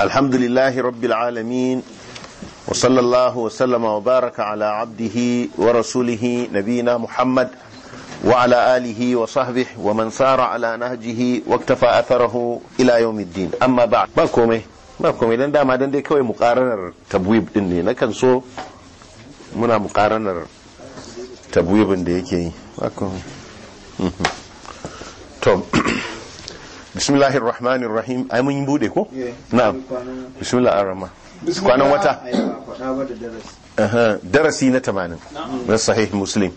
alhamdulillah rabbil alamin wa sallallahu wa sallama wa baraka ala abdihi wa rasulihi nabina muhammad wa ala alihi wa sahbihi wa man ala nahjihi wa iktafa atharahu ila yawmiddin ba ba ba kome dan dama dan dai kawai muqaranar tabwib din ne na kan so muna karanar tabwibin da yake yi ba kome mhm. bismillahir rahmanir rahim ai mun bude ko na'am bismillah arrahman kwanan wata darasi na 80 na sahih muslim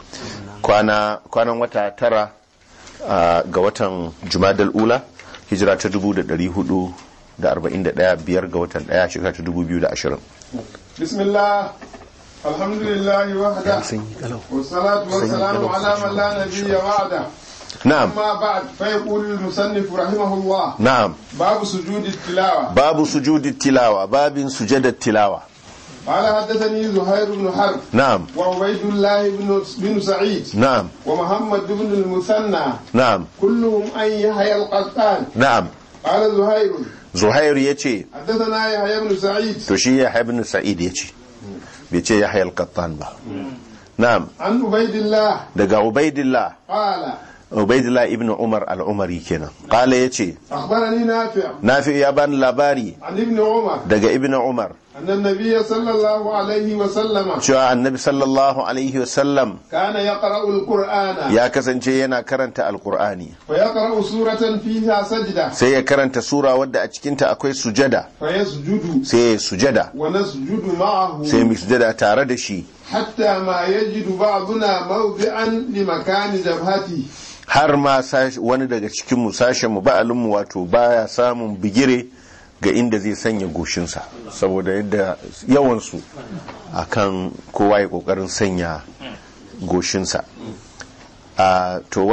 kwana kwanan wata tara ga watan jumadal ula hijira ta 1441 biyar ga watan daya shekara ta 2020 bismillah Alhamdulillahi wa hada, wa salatu wa salamu ala man la nabiyya wa'ada نعم أما بعد فيقول المصنف رحمه الله نعم باب سجود التلاوة باب سجود التلاوة باب سجد التلاوة قال حدثني زهير بن حرب نعم وعبيد الله بن بن سعيد نعم ومحمد بن المثنى نعم كلهم أن يحيى القطان نعم قال زهير زهير يتي حدثنا يحيى بن سعيد تشي يحيى بن سعيد يتي بيتي يحيى القطان با نعم عن عبيد الله دقا عبيد الله قال ubaidillah ibn umar al-umari kenan qala yace akhbarani nafi' nafi' ya bani labari daga ibn umar annabi sallallahu alaihi wa sallam cewa annabi sallallahu alaihi wa sallam kana yaqra'u al-qur'ana ya kasance yana karanta al-qur'ani fa yaqra'u suratan fiha sajda sai ya karanta sura wadda a cikin ta akwai sujada fa yasjudu sai ya sujada wa nasjudu ma'ahu sai mu sujada tare da shi hatta ma yajidu ba'duna mawdi'an li makani jabhatihi har ma wani daga cikin mu sashen mu ba'alinmu wato baya samun bigire ga inda zai sanya goshinsa saboda yadda yawansu a kan kowa ya kokarin sanya goshinsa to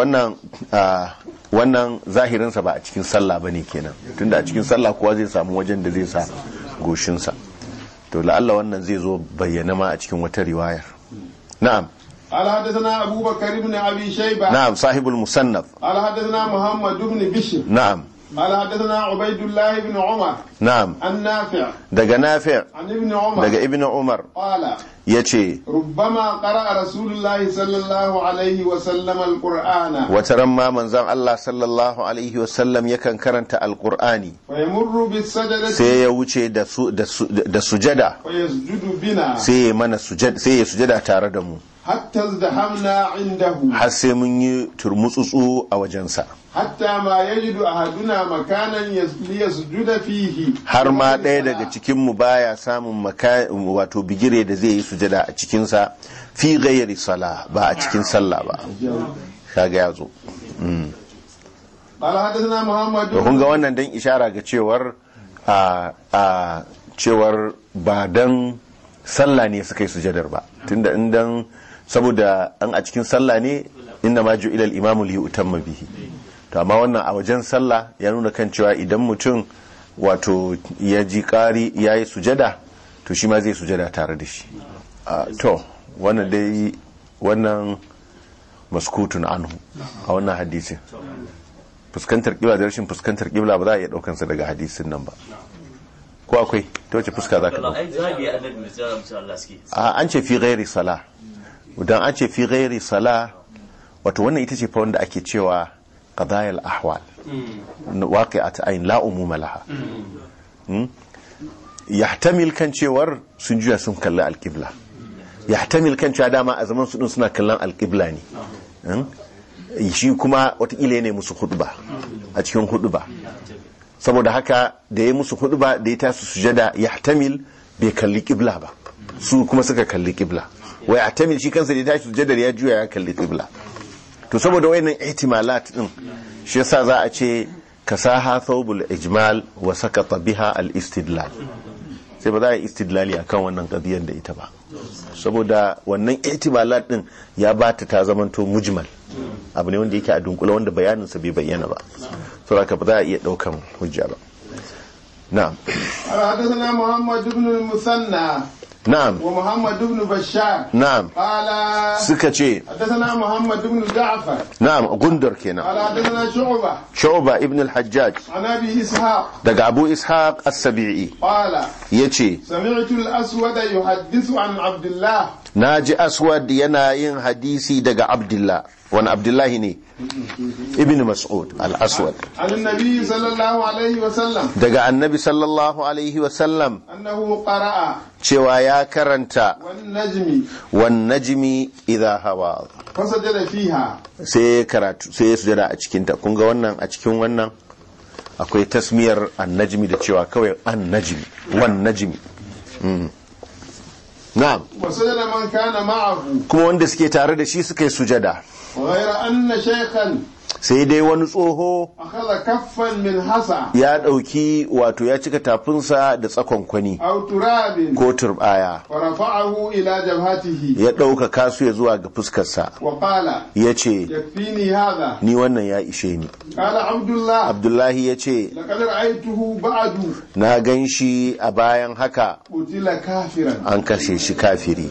wannan zahirinsa ba a cikin sallah ba ne kenan tunda a cikin sallah kowa zai samu wajen da zai sa goshinsa to la'alla wannan zai zo bayyana ma a cikin wata riwayar na'am قال حدثنا أبو بكر بن أبي شيبة نعم صاحب المصنف قال حدثنا محمد بن بشر نعم قال حدثنا عبيد الله بن عمر نعم عن نافع دقى نافع عن ابن عمر دقى ابن عمر قال يتي ربما قرأ رسول الله صلى الله عليه وسلم القرآن وترمى من زم الله صلى الله عليه وسلم يكن كرنت القرآن فيمر بالسجدة سيوتي دسجدة فيسجد بنا سيمن السجد سيسجد تاردمو hatta zdahamna indahu har sai mun yi turmutsutsu a wajensa hatta ma yajidu ahaduna makanan yasjuda fihi har ma ɗaya daga cikin mu baya samun wato bigire da zai yi sujada a cikin sa fi ghairi sala ba a cikin sallah ba kaga yazo qala hadathana muhammad kun ga wannan dan ishara ga cewar a cewar ba dan sallah ne suka yi sujadar ba tunda in dan saboda an a cikin sallah ne inna ma ju'ila ilal imamu li yutamma bihi to amma wannan a wajen sallah ya nuna kan cewa idan mutum wato ya ji ƙari ya yi sujada to shi ma zai sujada tare da shi to wannan dai wannan maskutun anhu a wannan hadisin fuskantar kibla da rashin fuskantar kibla ba za a iya ɗaukansa daga hadisin nan ba ko akwai ta wace fuska za ka dauka an ce fi ghairi sala idan an ce fi gairi sala wato wannan ita ce fa wanda ake cewa قضايا الأحوال واقعة أين لا أموم لها يحتمل كان cewar sun juya sun kalli alƙibla yahtamil kan cewa dama a zaman su suna kallon alƙibla ne shi kuma watakila ne musu huɗuba, a cikin ba saboda haka da ya musu huɗuba da ya tasu sujada yahtamil bai kalli ƙibla ba su kuma suka kalli ƙibla wai mil shi kansa da ya tashi da ya juya ya kalli ƙibla to saboda wayannan ihtimalat din shi yasa za a ce kasaha thawbul ijmal wa sakata biha al istidlal sai ba za a yi istidlali akan wannan qadiyar da ita ba saboda wannan ihtimalat din ya bata ta zamanto mujmal abu ne wanda yake a dunkula wanda bayanin sa bai bayyana ba saboda ba za a iya daukan hujja ba na'am hadathana muhammad ibn na'am bashar na'am qala suka ce ja'far na'am gundur kenan qala hadathana shu'ba shu'ba daga abu ishaq as-sabi'i qala yace sami'tu al-aswad yuhaddithu aswad yana yin hadisi daga abdullah wani abdullahi ne ibn mas'ud al-aswad annabi sallallahu alaihi daga annabi sallallahu alaihi wasallam annahu qara'a cewa ya karanta wan najmi idha hawa fasajada fiha sai karatu sai ya sujada a cikin ta kun ga wannan a cikin wannan akwai tasmiyar annajmi da cewa kawai annajmi wan najmi hmm. na'am kuma wanda suke tare da shi suka yi sujada sai dai wani tsoho ya ɗauki wato ya cika tafinsa da tsakon kwani ko turbaya ya ɗauka kasu ya zuwa ga fuskarsa ya ce ni wannan ya ishe ni abdullahi ya ce na gan shi a bayan haka an kashe shi kafiri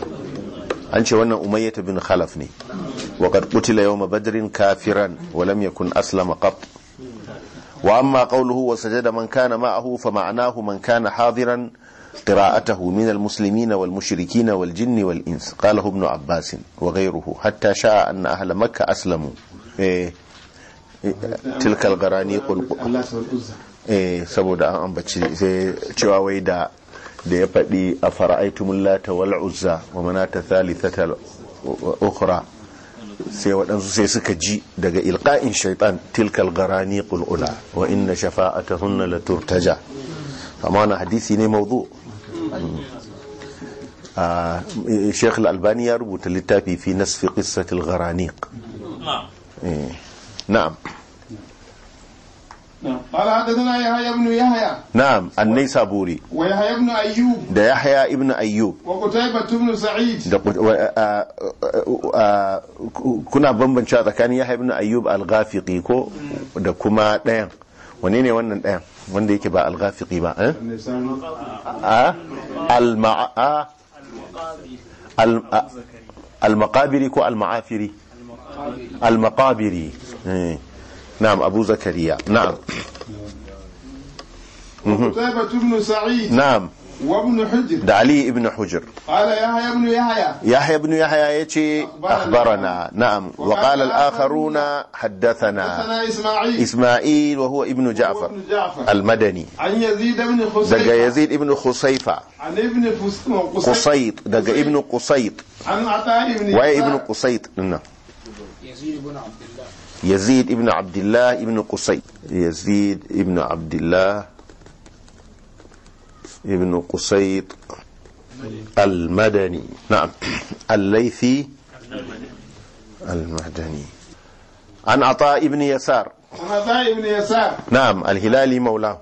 an ce wannan umayyata bin khalaf ne وقد قتل يوم بدر كافرا ولم يكن أسلم قط وأما قوله وسجد من كان معه فمعناه من كان حاضرا قراءته من المسلمين والمشركين والجن والإنس قاله ابن عباس وغيره حتى شاء أن أهل مكة أسلموا إيه تلك الغرانيق eh saboda an ambaci sai cewa wai da da ya faɗi a fara'aitumul lata wal uzza wa manata thalithata ukhra sai waɗansu sai suka ji daga ilka'in shaitan tilkal garani ƙul'ula wa inna shafa'atahunna la turtaja amma wani hadisi ne mawdu mm. a ah, Sheikh albani ya rubuta littafi fi nasfi qissati al na'am eh, قال حدثنا يحيى بن يحيى نعم النيسابوري ويحيى بن ايوب ده يحيى ابن ايوب وقتيبة بن سعيد ده كنا بمبنچا tsakanin yahya ibn ayyub al-ghafiqi ko da kuma ɗayan wane ne wannan ɗayan wanda yake ba al-ghafiqi ba al-ma'a al-maqabiri نعم أبو زكريا نعم قتيبة بن سعيد نعم وابن حجر ده علي ابن حجر قال يحيى بن يحيى يحيى بن يحيى يتي أخبرنا نعم وقال الآخرون حدثنا حدثنا إسماعيل إسماعيل وهو ابن جعفر, ابن جعفر المدني عن يزيد بن خصيفة دقى يزيد ابن خصيفة عن ابن قصيط دقى ابن قصيط عن عطاء ابن وهي ابن قصيط نعم يزيد بن عبد الله يزيد ابن عبد الله ابن قصي يزيد ابن عبد الله ابن قصي المدني نعم الليثي المدني عن عطاء ابن يسار عن عطاء ابن يسار نعم الهلالي مولاه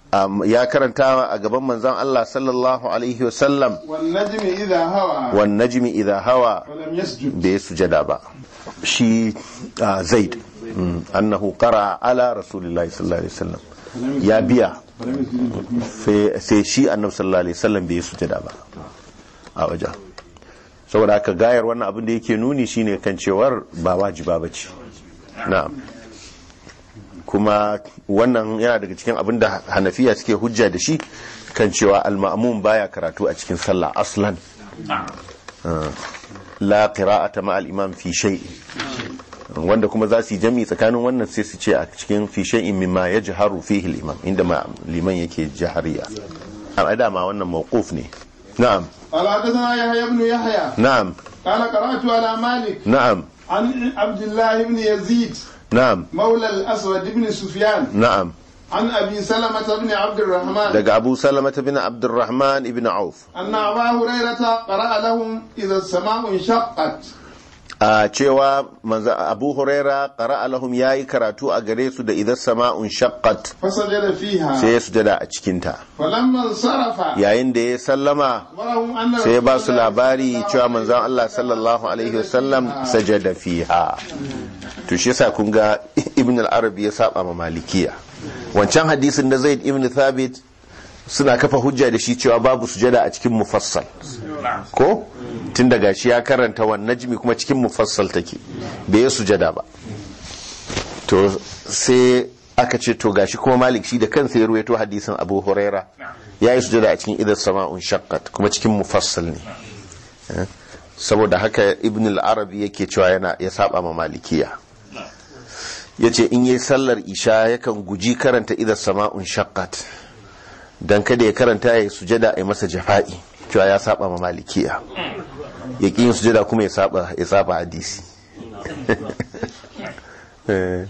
Um, ya karanta a gaban manzon Allah sallallahu alaihi wasallam wan najmi idha hawa bai sujada ba shi uh, zaid mm, annahu qara ala rasulillahi sallallahu alaihi wasallam ya biya sai shi annabi sallallahu alaihi wasallam bai sujada ba a wajen saboda haka gayar wannan abin da yake nuni shine kan cewar ba wajiba bace na'am kuma wannan yana daga cikin abin da hanafiya suke hujja da shi kan cewa al-ma'mum baya karatu a cikin sallah aslan ah. la qira'ata ma al-imam fi shay wanda kuma za su yi jami tsakanin wannan sai su ce a cikin fi shay'in mimma yajharu fihi al-imam inda liman yake jahariya amma ma wannan mawquf ne na'am ala hadathana yahya ibn yahya na'am qala qara'tu ala malik na'am an abdullah ibn yazid na'am maula al sufyan na'am عن أبي سلمة بن عبد الرحمن لقى أبو سلمة بن عبد الرحمن بن عوف أن أبا هريرة قرأ لهم إذا السماء انشقت a cewa manza Abu Huraira qara'a ya yayi karatu a gare su da idan sama'un shaqqat sai ya sujada a cikinta. yayin da ya sallama sai ba su labari cewa manzan Allah sallallahu alaihi wasallam sajada fiha to shi yasa kun ga ibn al arab ya saba ma malikiya wancan hadisin da zaid ibn thabit suna kafa hujja da shi cewa babu sujada a cikin mufassal ko tun daga shi ya karanta wan najmi kuma cikin mufassal take bai sujada ba to sai aka ce to gashi kuma malik shi da kansa ya ruwaito hadisin abu huraira ya yi sujada a cikin idan sama'un shaqqat kuma cikin mufassal ne eh? saboda haka ibn al-arabi yake cewa yana ya saba ma malikiya ya ce in yi sallar isha yakan guji karanta idan sama'un shakkat don kada ya karanta ya sujada a masa jafa'i cewa ya saba ma malikiya ya ƙi yin sujada kuma ya saba hadisi eh,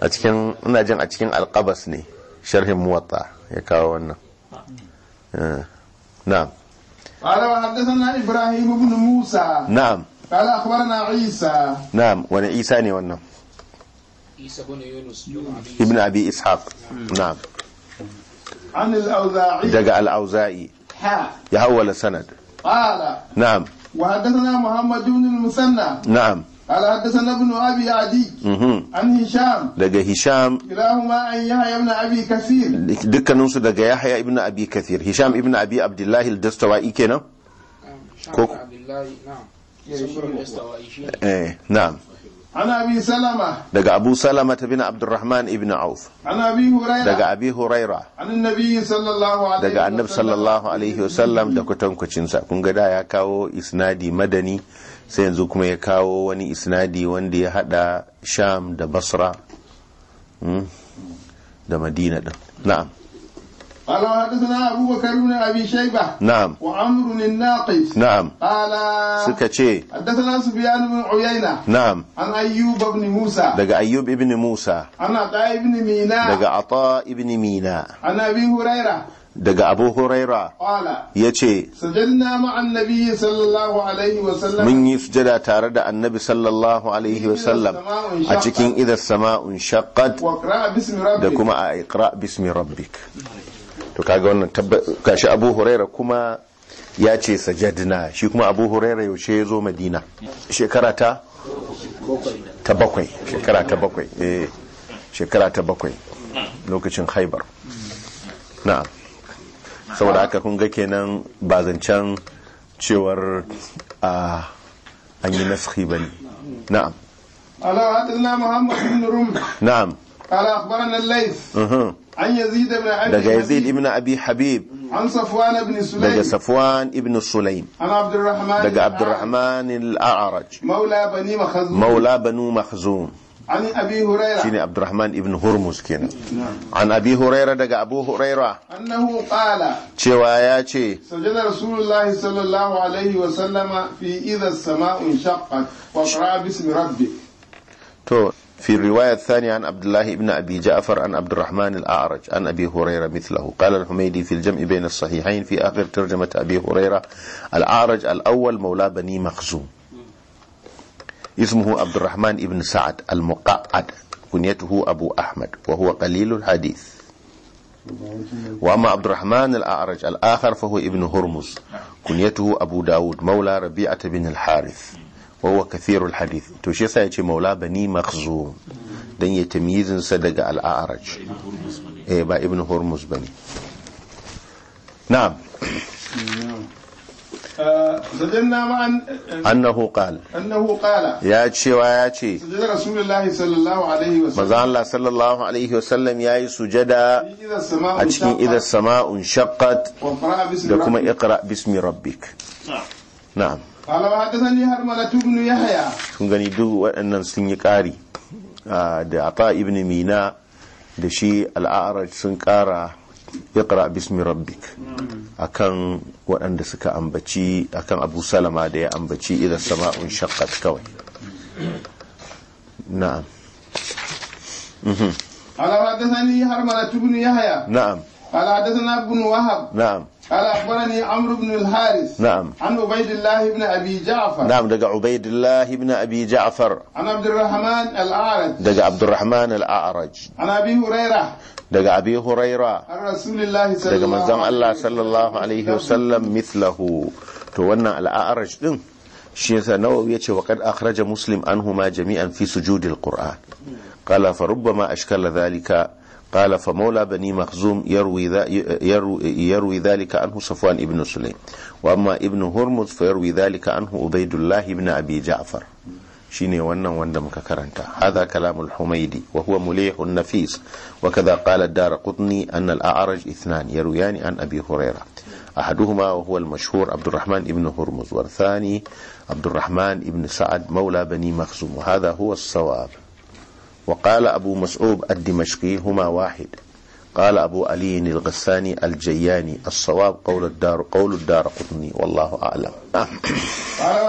a cikin ina jin a cikin alƙabas ne sharhin muwatta ya kawo wannan eh, na'am قال وحدثنا ابراهيم بن موسى نعم قال اخبرنا عيسى نعم وانا عيسى ne wannan isa bin yunus ibn abi ishaq na'am an al-auza'i daga al-auza'i ya hawala sanad qala na'am wa hadathana muhammad ibn al-musanna na'am قال حدثنا ابن ابي عدي عن هشام دغ هشام كلاهما عن يحيى ابن ابي كثير دكانهم سو دغ يحيى ابن ابي كثير هشام ابن ابي عبد الله الدستوائي كده كوكو عبد الله نعم ايه نعم ana bi salama daga abu salama ta bin abdurrahman ibn auf ana bi huraira daga abi huraira annabi sallallahu alaihi daga annabi sallallahu alaihi da kwatankwacinsa, kun gada ya kawo isnadi madani sai yanzu kuma ya kawo wani isnadi wanda ya haɗa sham da basra hmm, da madina din na'am قال حدثنا أبو بكر بن أبي شيبة نعم وعمر الناقص نعم قال سكتشي حدثنا سفيان بن عيينة نعم عن أيوب بن موسى دقى أيوب بن موسى عن عطاء بن ميناء دقى عطاء بن ميناء عن أبي هريرة daga abu huraira ya ce mun yi sujada tare da annabi sallallahu alaihi wasallam a cikin idan sama'un shaqqat da kuma a ikra bismi rabbik to kaga wannan gashi abu huraira kuma ya ce sajadna shi kuma abu huraira yaushe ya zo madina shekara ta bakwai shekara ta bakwai shekara ta bakwai eh, lokacin haibar na saboda haka kun ga kenan ba zancen cewar a an yi naskhi bane na'am ala hadina muhammad na'am Alaqman naleyta. An yazida na Habibie Habibie. An safuan Ibn Suleim. An Daga Abdullah Ibn Suleim. Mawla bani mafazonga. Mawla bani mafazonga. An Ab'i Hurera. Ibn Hurmus kenan. An Ab'i Hurera daga Abu Hurera. Cewa ya ce. Sajjadar Sula Alahi fi idar sama in shaqan wa To. في الرواية الثانية عن عبد الله بن أبي جعفر عن عبد الرحمن الأعرج عن أبي هريرة مثله قال الحميدي في الجمع بين الصحيحين في آخر ترجمة أبي هريرة الأعرج الأول مولى بني مخزوم اسمه عبد الرحمن بن سعد المقعد كنيته أبو أحمد وهو قليل الحديث وأما عبد الرحمن الأعرج الآخر فهو ابن هرمز كنيته أبو داود مولى ربيعة بن الحارث wa kafirul hadith to shi yasa yace maula bani makhzum dan ya tamyizin sa daga al-a'raj eh ba ibn hurmuz bane na'am eh, zadanna ya cewa ya ce sujada sallallahu alaihi wasallam manzo Allah sallallahu yayi sujada a cikin idan sama'un shaqqat da kuma iqra bismi kun gani duk waɗannan sun yi ƙari da ata ibn mina da shi al'araj sun ƙara iqra bismi rabbik akan waɗanda suka ambaci akan abu salama da ya ambaci idan sama'un shaqqat kawai na'am قال mhm. حدثني ya haya. يحيى نعم قال حدثنا ابن وهب na'am قال أخبرني عمرو بن الحارث نعم عن عبيد الله بن أبي جعفر نعم دقى عبيد الله بن أبي جعفر عن عبد الرحمن الأعرج دقى عبد الرحمن الأعرج عن أبي هريرة دقى أبي هريرة عن رسول الله صلى الله عليه وسلم الله صلى الله عليه وسلم مثله تولنا الأعرج دم شيخ نووي يتشي وقد أخرج مسلم عنهما جميعا في سجود القرآن قال فربما أشكل ذلك قال فمولى بني مخزوم يروي, ذا يروي, يروي ذلك عنه صفوان بن سليم وأما ابن هرمز فيروي ذلك عنه عبيد الله بن أبي جعفر شيني وانا وانا مككرنتا هذا كلام الحميدي وهو مليح النفيس وكذا قال الدار قطني أن الأعرج اثنان يرويان عن أبي هريرة أحدهما وهو المشهور عبد الرحمن بن هرمز والثاني عبد الرحمن بن سعد مولى بني مخزوم وهذا هو الصواب وقال أبو مسعود الدمشقي هما واحد قال أبو علي الغساني الجياني الصواب قول الدار قول الدار قطني والله أعلم قال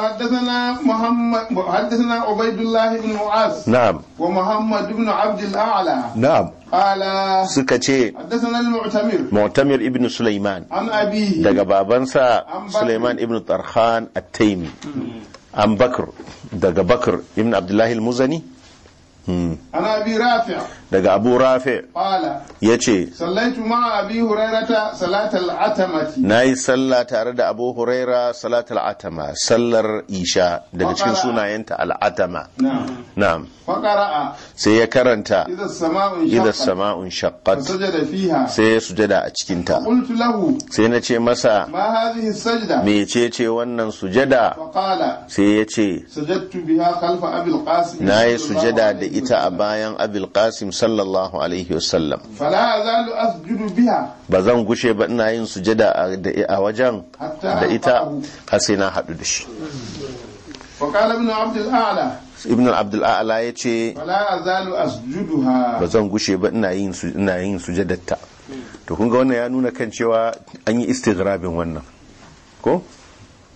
حدثنا محمد حدثنا عبيد الله بن معاذ نعم ومحمد بن عبد الأعلى نعم قال سكتي حدثنا المعتمر معتمر ابن سليمان عن أبيه دقا بابنسا سليمان ابن طرخان التيمي عن بكر دقا بكر ابن عبد الله المزني عن ابي رافع daga abu rafi ya ce na yi sallah tare da abu huraira salatul atama sallar isha daga cikin sunayenta al'atama na'am sai ya karanta idan sama'un shaqqat sai ya sujada a cikinta sai na ce masa me ce wannan sujada sai ya ce na yi sujada da ita a bayan abil qasim sallallahu alaihi wasallam ba zan gushe ba ina yin sujada a wajen da ita har sai na hadu da shi ibn abdul a'ala ya ce ba zan gushe ba ina yin ina yin to kun ga wannan ya nuna kan cewa an yi istigrabin wannan ko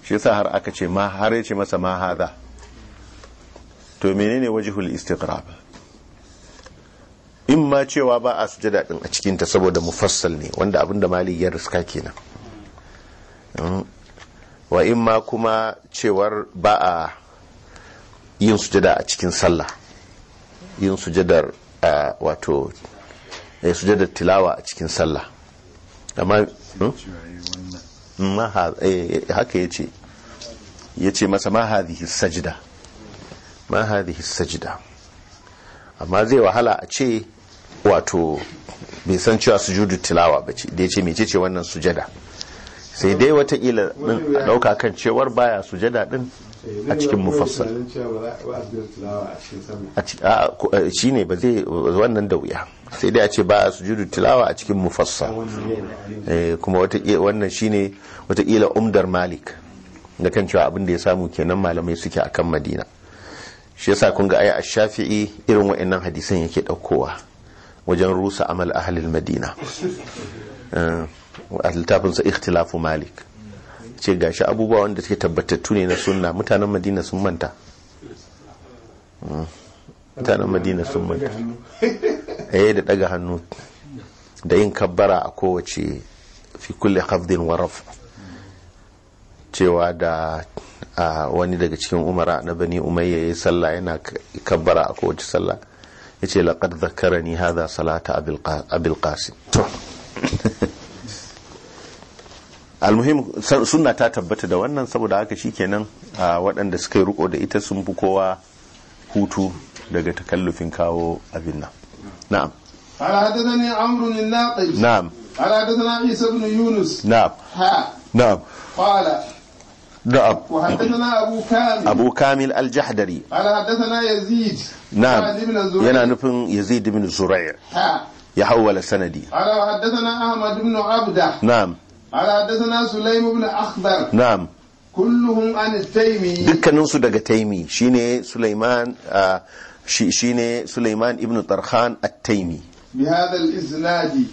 shi yasa har aka ce ma har yace masa ma haza to menene wajihul istighrab in ma cewa ba a sujada din a cikin ta saboda mufassal ne wanda abin da malik ya riska kenan hmm. wa in ma kuma cewar ba a yin sujada a cikin sallah yin sujadar wato ya eh, sujadar tilawa a cikin sallah amma hmm? eh, haka ya ce ya ce masa ma hadhihi ma amma zai wahala a ce wato bai san cewa sujudu tilawa ba ce da ya ce mece ce wannan sujada sai dai watakila din a dauka kan cewar baya sujada din a cikin mufassal eh, shi ne ba zai wannan da wuya sai dai a ce ba a sujudu tilawa a cikin mufassal eh, kuma wannan shi ne watakila umdar malik da kan cewa abin da ya samu kenan malamai suke akan madina shi yasa kun ga ai a shafi'i irin waɗannan hadisan yake daukowa wajen rusa amal ahalil madina eh, a littafinsa ikhtilafu malik ce gashi abubuwa wanda suke tabbatattu ne na sunna mutanen madina sun manta hmm. mutanen madina sun manta eh da daga hannu da yin kabbara a kowace fi kulle hafdin waraf cewa da wani daga cikin umara na bani umayya ya yi sallah yana kabbara a kowace sallah yace laqad zakkarani haza salata abil qasim to almuhim suna ta tabbata da wannan saboda haka shikenan waɗanda suka yi riko da ita sun fi kowa hutu daga takallufin kawo abin nan na'am ala ni amru ni na'am ala hadathana isa ibn yunus na'am ha na'am qala da abu kamil al-jahdari na'am yana nufin yazid ibn zura'ir ya hawwala sanadi ala haddathana ahmad ibn abda na'am ala haddathana sulaym ibn akhdar na'am kulluhum an taymi dukkanin su daga taymi shine sulaiman shine sulaiman ibn tarhan at-taymi bi hadha al-isnadi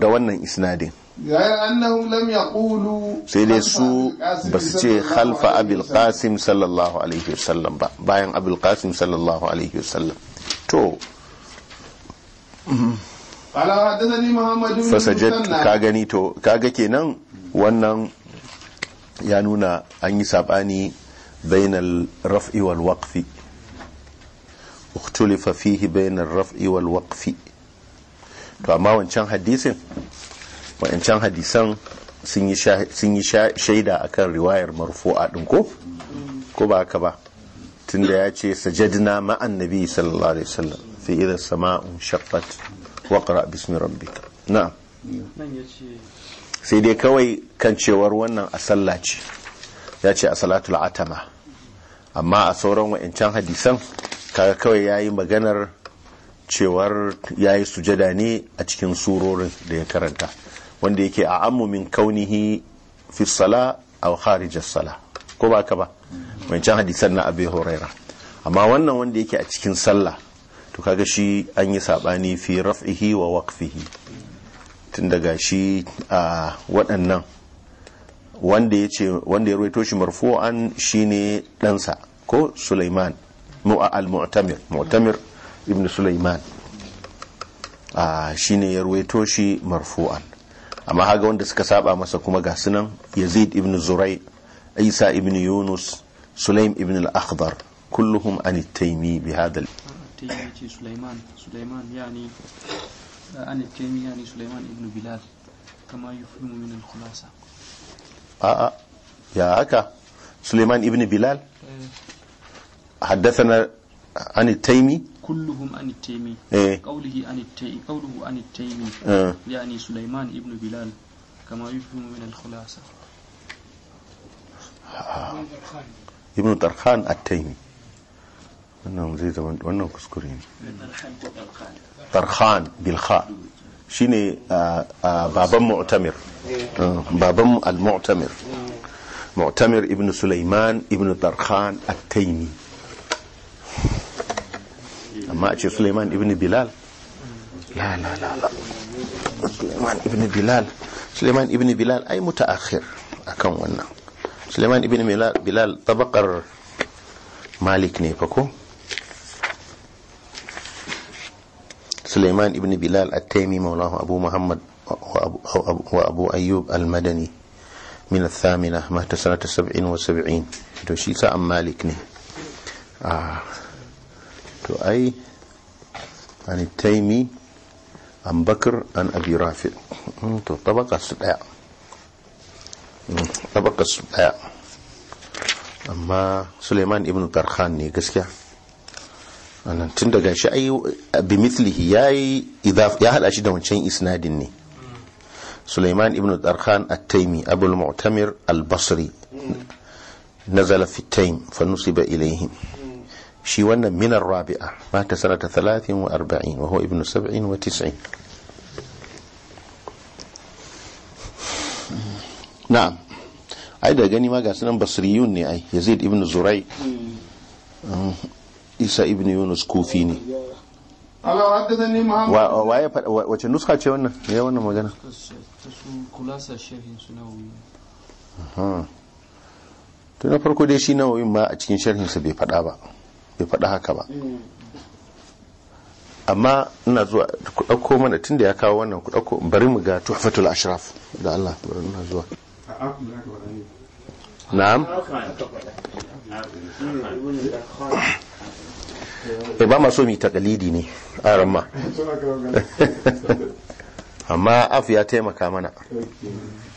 da wannan isnadin sai dai su ba su ce khalfa abil qasim sallallahu alaihi wasallam ba bayan abil qasim sallallahu alaihi wasallam to fasajat ka gani to kaga kenan wannan ya nuna an yi sabani bainal raf'i wal waqfi اختلف bayanar raf'i wal والوقف to amma wancan hadisin wa'ancan hadisan sun yi shaida a kan riwayar marfu'a ɗin ko ko ba haka ba tunda ya ce sajadna ma'an sallallahu alaihi wasallam fi idan sama'un shaqqat wa bismi rabbika na sai dai kawai kan cewar wannan a sallah ce ya ce a salatul atama amma a sauran wa'ancan hadisan kaga kawai ya yayi maganar cewar yayi sujada ne a cikin surorin da ya karanta wanda yake a ammu min kaunihi fi sala aw kharij sala ko ba ka ba can hadisan na abi huraira amma wannan wanda yake a cikin sallah to kaga shi an yi sabani fi raf'ihi wa waqfihi tun daga shi a waɗannan wanda ya ce wanda ya ruwaito shi marfu'an shine ɗansa ko Sulaiman mu'a al-mu'tamir mu'tamir ibn Sulaiman a shine ya ruwaito shi marfu'an amma haga wanda suka saba masa kuma ga sunan yazid ibn zurai isa ibn yunus sulaim ibn al-akhdar kulluhum an taimi bi hada sulaiman sulaiman yani eh, an taimi yani sulaiman ibn bilal kama yufhimu min al-khulasa a'a ya haka sulaiman ibn bilal حدثنا عن التيمي كلهم عن التيمي قوله عن التيمي قوله عن التيمي يعني سليمان ابن بلال كما يفهم من الخلاصة ابن طرخان التيمي wannan zai zama wannan kuskure ne tarhan bilha shi ne baban mu'tamir eh, baban al-mu'tamir mu'tamir ibn sulaiman ibn tarhan at-taymi amma a ce suleiman ibn bilal la la la suleiman ibn bilal suleiman ibn bilal ai mutaakhir akan wannan suleiman ibn bilal tabakar malik ne fa ko suleiman ibn bilal at-taimi maulahu abu muhammad wa abu ayyub al-madani min al-thamina mata sanata 77 to shi sa'an malik ne ah. to ai an taimi an bakar an abi rafi mm, to tabaka su daya mm, tabaka su daya amma suleiman ibn tarhan ne gaskiya anan tun daga shi ai bi mithlihi yayi ya hada shi da wancan isnadin ne Suleiman ibn Darkhan at-Taimi abul mutamir al-Basri nazala fi at-Taim fa nusiba ilayhi shi wannan minar rabi'a mata sanata talatin wa 40 wa ibn ibnu 70 wa 90 na'am ai da gani ma ga sunan basriyun ne ai yazid ibn zurai mm. isa ibn yunus kufi ne faɗa wace nuska ce wannan ya wannan magana tun na farko dai shi nawayin ma a cikin sharhinsa bai faɗa ba bai faɗi haka ba amma ina zuwa ku mana tun da ya kawo wannan ku ɗauko bari mu ga tuhfatul ashraf da Allah bari ina zuwa na'am e ba maso mi takalidi ne a ramma amma afu ya taimaka mana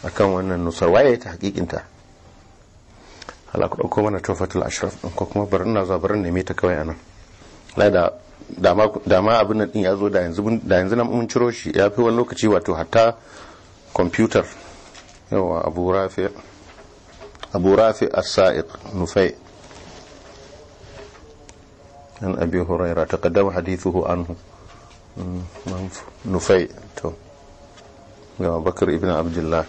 akan wannan nusar waye ta hakikinta ala ku ɗauko mana tofatul ashraf ɗin ko kuma bar ina zuwa bari neme ta kawai anan da dama abin nan din ya zo da yanzu da yanzu nan mun ciro shi ya fi wani lokaci wato hatta kwamfutar yawa abu rafi abu rafi as-sa'iq nufai an abi huraira taqaddama hadithuhu anhu hmm, nufai to ga bakar ibn abdullah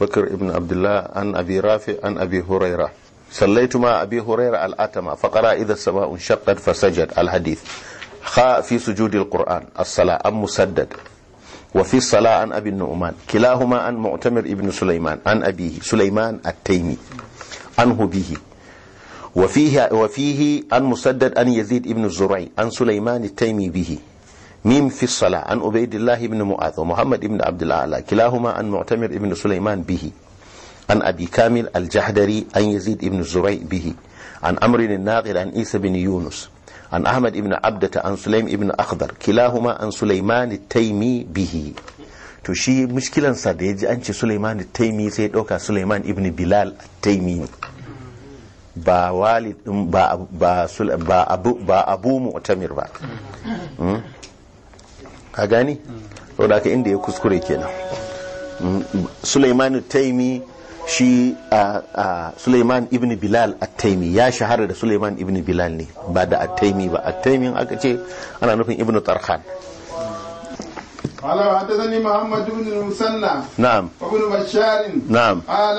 بكر ابن عبد الله عن أبي رافع عن أبي هريرة صليت مع أبي هريرة الاتم فقرأ إذا السماء انشقت فسجد الحديث خاء في سجود القرآن الصلاة أم مسدد وفي الصلاة عن أبي النعمان كلاهما عن معتمر ابن سليمان عن أبيه سليمان التيمي عنه به وفيه وفيه عن مسدد عن يزيد ابن الزرعي عن سليمان التيمي به ميم في الصلاة عن أبيد الله بن معاذ ومحمد بن عبد الأعلى كلاهما عن معتمر بن سليمان به عن أبي كامل الجحدري عن يزيد بن الزريع به عن أمر الناقل عن عيسى بن يونس عن أحمد بن عبدة عن سليم بن أخضر كلاهما عن سليمان التيمي به تشي مشكلة mushkilansa da سليمان التيمي an ce Suleiman Taimi sai ya ɗauka Suleiman ibn Bilal ba abu ba abu mu'tamir ba ka gani saboda haka inda ya kuskure kenan mm, Sulaiman Taimi shi a Sulaiman ibn Bilal At-Taimi ya shahara da Sulaiman ibn Bilal ne ba da At-Taimi ba At-Taimin aka ce ana nufin Ibn Tarhan قال حدثني محمد بن المثنى نعم وابن بشار نعم قال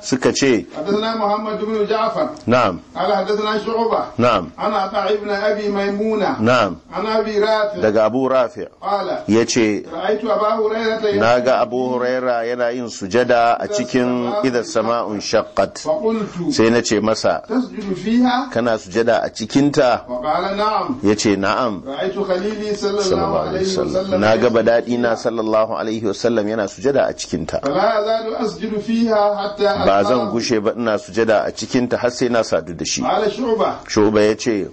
سكتشي حدثنا محمد بن جعفر نعم قال حدثنا شعبة نعم عن عطاء ابن أبي ميمونة نعم عن أبي رافع دقى أبو رافع قال يتشي رأيت أبا هريرة ناقى أبو هريرة يلا إن سجدا أتشكن إذا السماء انشقت فقلت سينتشي مسا تسجد فيها كان سجدا أتشكنتا وقال نعم يتشي نعم رأيت خليلي صلى الله عليه وسلم ناقى بدأ daɗi na sallallahu alaihi wasallam yana sujada a cikinta ba zan gushe ba ina sujada a cikinta har sai na sadu da shi shuba ya ce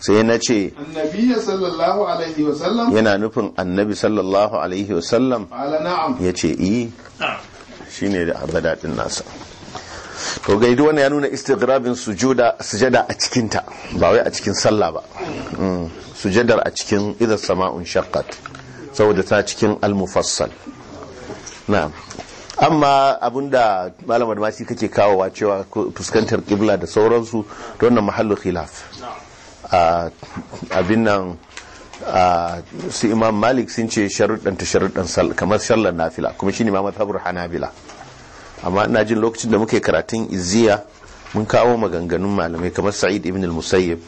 sai na ce yana nufin annabi sallallahu alaihi wasallam ya ce yi e, shi ne da daɗin nasa to gaidu wani ya nuna istigrabin sujuda sujada a cikinta ba wai a cikin sallah ba mm. sujadar a cikin idan sama'un shakkat saboda ta cikin al-mufassal na'am amma abinda malam adamasi kake kawowa cewa fuskantar kibla da sauransu ta wannan mahallu khilaf abin nan su imam malik sun ce sharuɗan ta sharuɗan kamar shallar nafila kuma shi ne ma mazhabar hanabila amma ina jin lokacin da muke karatun iziya mun kawo maganganun malamai kamar sa'id ibn al-musayyib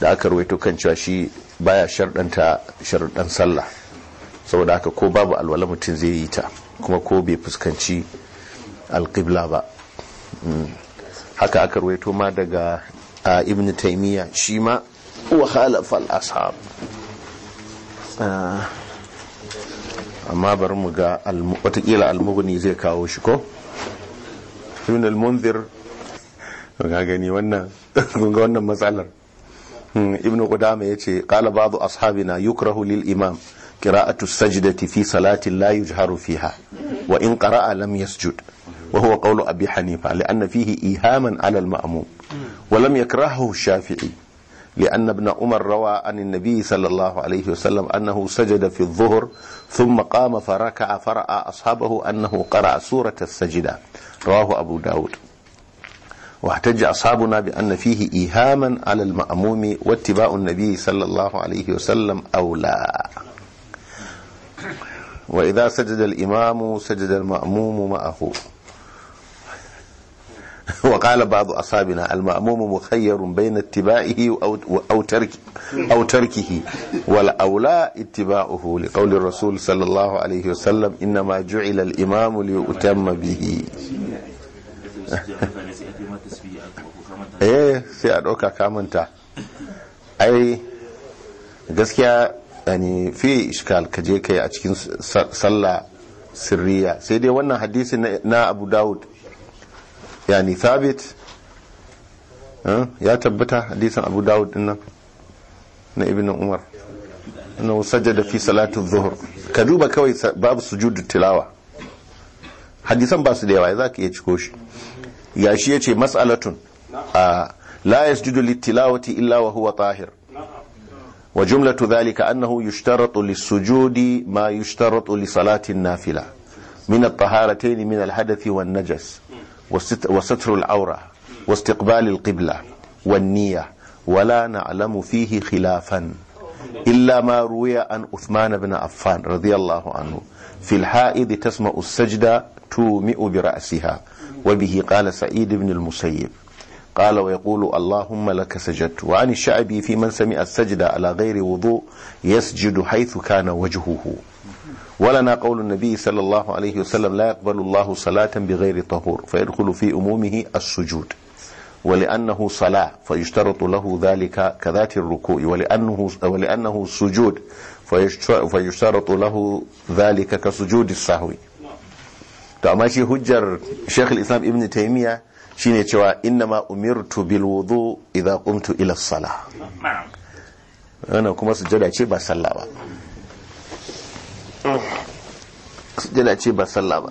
da aka ruwaito kan cewa shi baya sharɗanta sharuɗan sallah saboda haka ko babu alwala mutum zai yi ta kuma ko bai fuskanci alƙibla ba mm. haka aka ruwaito ma daga ibn taimiyya shi ma wa ashab amma bari mu ga watakila almuguni zai kawo shi ko ibn al-munzir ga gani wannan ga wannan matsalar hmm, ibn ce yace qala zu ashabina yukrahu lil imam qira'atu sajdati fi salati la yujharu fiha wa in qara'a lam yasjud wa huwa qawlu abi hanifa li'anna fihi ihaman 'ala al-ma'mum wa lam yakrahu shafi'i لأن ابن عمر روى عن النبي صلى الله عليه وسلم أنه سجد في الظهر ثم قام فركع فرأى أصحابه أنه قرأ سورة السجدة رواه أبو داود واحتج أصحابنا بأن فيه إيهاما على المأموم واتباع النبي صلى الله عليه وسلم أو لا wa idza sajada al-imamu sajada al-ma'mumu ma'ahu wa qala ba'd ashabina al-ma'mumu mukhayyarun bayna ittiba'ihi aw tarki aw tarkihi a awla ittiba'uhu li qawli ar-rasul sallallahu alayhi wa sallam inna ma al a yani fi iskal ka je kai a cikin sallah sirriya sai dai wannan hadisi na abu dawud yani thabit ya tabbata hadisin abu dawud din nan na ibn umar na da fi salatu zuhur ka duba kawai babu sujudu tilawa hadisan ba su da yawa za ka iya ciko shi ya gashi yace mas'alatun la yasjudu littilawati illa wa huwa tahir وجملة ذلك أنه يشترط للسجود ما يشترط لصلاة النافلة من الطهارتين من الحدث والنجس وستر العورة واستقبال القبلة والنية ولا نعلم فيه خلافا إلا ما روي عن أثمان بن عفان رضي الله عنه في الحائض تسمع السجدة تومئ برأسها وبه قال سعيد بن المسيب قال ويقول اللهم لك سجدت وعن الشعبي في من سمع السجدة على غير وضوء يسجد حيث كان وجهه ولنا قول النبي صلى الله عليه وسلم لا يقبل الله صلاة بغير طهور فيدخل في أمومه السجود ولأنه صلاة فيشترط له ذلك كذات الركوع ولأنه, ولأنه سجود فيشترط له ذلك كسجود السهو to amma shi hujjar Sheikh Islam Ibn Taymiyyah shine cewa innama umirtu bil wudu idza qumtu ila sala wannan kuma sujada ce ba sallah ba sujada ce ba sallah ba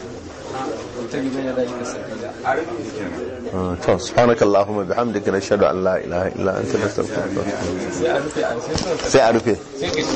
وابتغ بين ذلك سبيلا to subhanaka allahumma bihamdika nashhadu an la ilaha illa anta nastaghfiruka sai a rufe